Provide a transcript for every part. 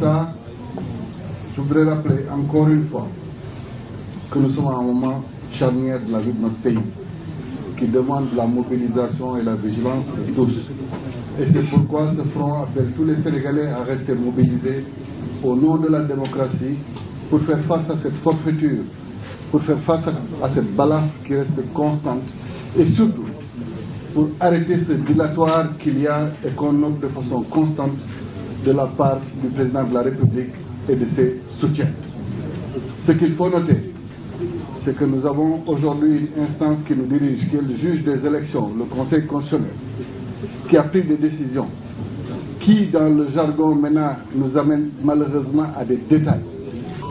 ça, je voudrais rappeler encore une fois que nous sommes à un moment charnière de la vie de notre pays, qui demande la mobilisation et la vigilance de tous. Et c'est pourquoi ce front appelle tous les Sénégalais à rester mobilisés au nom de la démocratie pour faire face à cette forfaiture, pour faire face à, à cette balafre qui reste constante et surtout pour arrêter ce dilatoire qu'il y a et qu'on note de façon constante de la part du président de la République et de ses soutiens. Ce qu'il faut noter, c'est que nous avons aujourd'hui une instance qui nous dirige, qui est le juge des élections, le Conseil constitutionnel, qui a pris des décisions, qui, dans le jargon maintenant, nous amène malheureusement à des détails.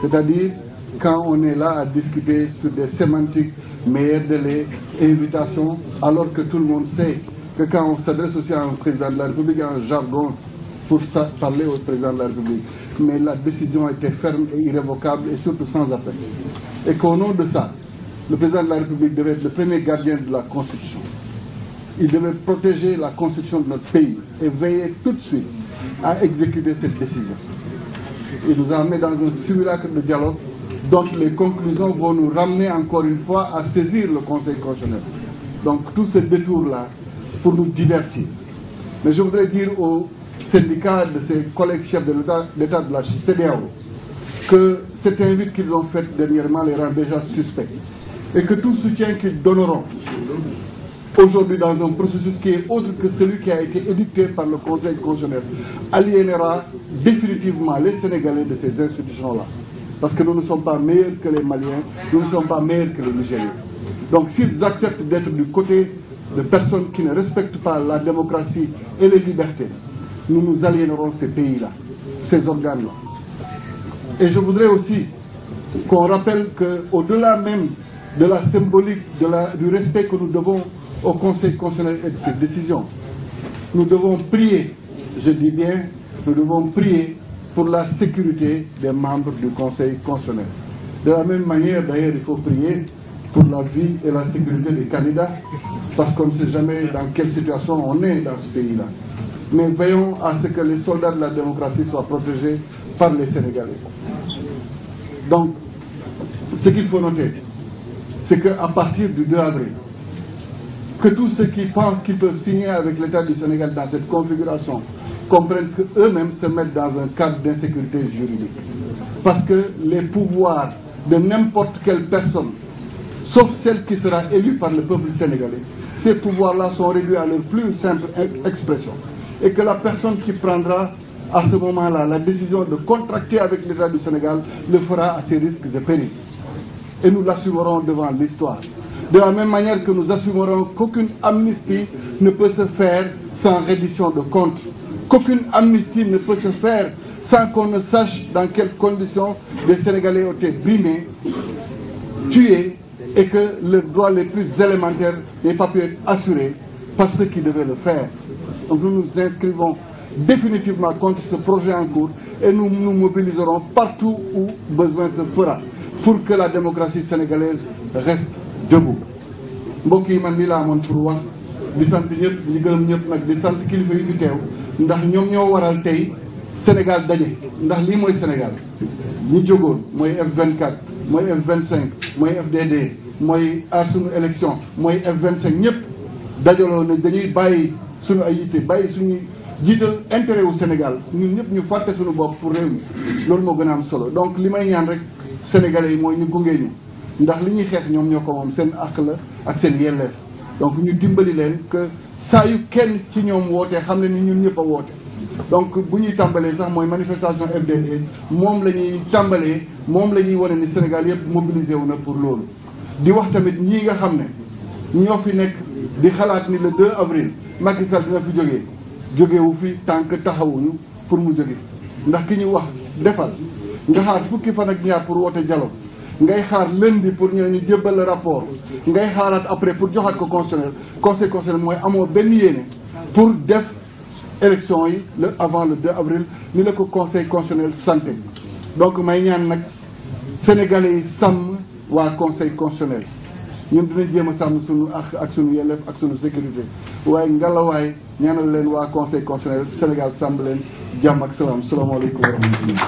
C'est-à-dire, quand on est là à discuter sur des sémantiques, meilleurs délais, invitations, alors que tout le monde sait que quand on s'adresse aussi à pour parler au président de la République. Mais la décision était ferme et irrévocable et surtout sans appel. Et qu'au nom de ça, le président de la République devait être le premier gardien de la Constitution. Il devait protéger la Constitution de notre pays et veiller tout de suite à exécuter cette décision. Il nous a amenés dans un simulacre de dialogue les conclusions vont nous ramener encore une fois à saisir le Conseil constitutionnel. Donc tout ce détour-là pour nous divertir. Mais je voudrais dire syndicats, de ses collègues chefs de l'État de la CEDEAO, que cette invite qu'ils ont faite dernièrement les rend déjà suspects et que tout soutien qu'ils donneront aujourd'hui dans un processus qui est autre que celui qui a été édicté par le Conseil constitutionnel aliénera définitivement les Sénégalais de ces institutions-là. Parce que nous ne sommes pas meilleurs que les Maliens, nous ne sommes pas meilleurs que les Nigériens. s'ils acceptent d'être du côté de personnes la démocratie et nous nous aliénerons ces pays-là, ces organes-là. Et je voudrais aussi qu'on rappelle qu'au-delà même de la symbolique, la, du respect que nous devons au Conseil constitutionnel et de ses décisions, nous devons prier, pour la sécurité des membres du Conseil constitutionnel. De la même manière, d'ailleurs, il faut prier pour la vie et la sécurité des candidats, parce qu'on ne sait jamais dans quelle situation on est dans ce pays mais veillons à ce que les soldats de la démocratie soient protégés par les Sénégalais. Donc, ce qu'il faut noter, c'est qu'à partir du 2 avril, que tous ceux qui pensent qu'ils peuvent signer avec l'État du Sénégal dans cette configuration comprennent qu'eux-mêmes se mettent dans un cadre d'insécurité juridique. Parce que les pouvoirs de n'importe quelle personne, sauf celle qui sera élue par le peuple sénégalais, ces pouvoirs-là sont réduits à leur plus simple e-, et que la personne qui prendra à ce moment-là la décision de contracter avec l'État du Sénégal le fera à ses risques et périls. Et nous l'assumerons devant l'histoire. De la même manière que nous assumerons qu'aucune amnistie ne peut se faire sans reddition de comptes, qu'aucune amnistie ne peut se faire sans qu'on ne sache dans quelles conditions les Sénégalais ont été brimés, tués, et que leurs droits les plus élémentaires n'aient pas pu être assurés par ceux qui devaient le faire. Donc nous nous inscrivons définitivement contre ce projet en cours et nous nous mobiliserons partout où besoin se fera pour que la démocratie sénégalaise reste debout. mbokk yi man nii laa amoon pour wax di sant ñëpp di gërëm ñëpp nag di sant kilifa yi fi teew ndax ñoom ñoo waral tey Sénégal daje ndax lii mooy Sénégal ñu jógoon mooy F24 mooy F25 mooy mooy aar sunu élection mooy f cinq ñëpp dajaloo ne dañuy bàyyi. suñu ay yitte bàyyi suñuy jiital intérêt wu Sénégal ñun ñëpp ñu fàtte suñu bopp pour réew mi loolu moo gën a am solo donc li may ñaan rek sénégalais yi mooy ñu gunge ñu ndax li ñuy xeex ñoom ñoo ko moom seen àq la ak seen yelleef donc ñu dimbali leen que saa yu kenn ci ñoom wootee xam ne ni ñun ñëpp a woote donc bu ñuy tàmbalee sax mooy manifestation FDD moom la ñuy tàmbalee moom la ñuy wane ni Sénégal yëpp mobilisé wu na pour loolu di wax tamit ñi nga xam ne ñoo fi nekk di xalaat ni le 2 avril Macky bi dina fi jógee jógewu fi tànk taxawuñu pour mu jóge ndax ki ñu wax defal nga xaar fukki fan ak ñaar pour woote dialogue ngay xaar lundi pour ñoo ñu jébbal la rapport ngay xaaraat après pour joxaat ko constitutionnel conseil constitutionnel mooy amoo benn yéene pour def élection yi le avant le 2 avril ni la ko conseil constitutionnel sante donc may ñaan nag sénégale yi sàmm waa conseil constitutionnel ñun dinañ jéem a sàmm suñu ak ak suñu yelleef ak suñu sécurité waaye ngalawaay ñaanal leen waa conseil constitutionnel Sénégal sàmm leen jàmm ak salaam salaamaaleykum wa rahmatulah